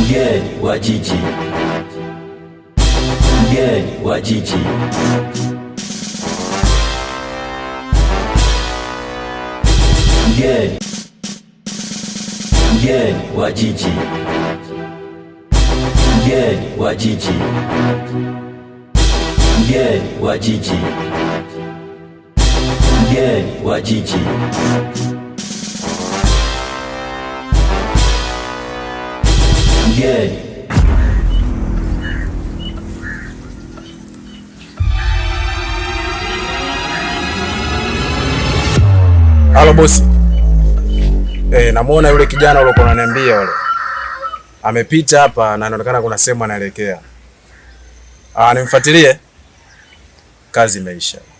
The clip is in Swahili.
Mgeni wa jiji, mgeni wa jiji. Mgeni, mgeni wa jiji, mgeni wa jiji, mgeni wa jiji, mgeni wa jiji. good. Halo bosi. Eh, namuona yule kijana uliokuwa unaniambia yule. Amepita hapa na anaonekana kuna sehemu anaelekea. Ah, nimfuatilie. Kazi imeisha.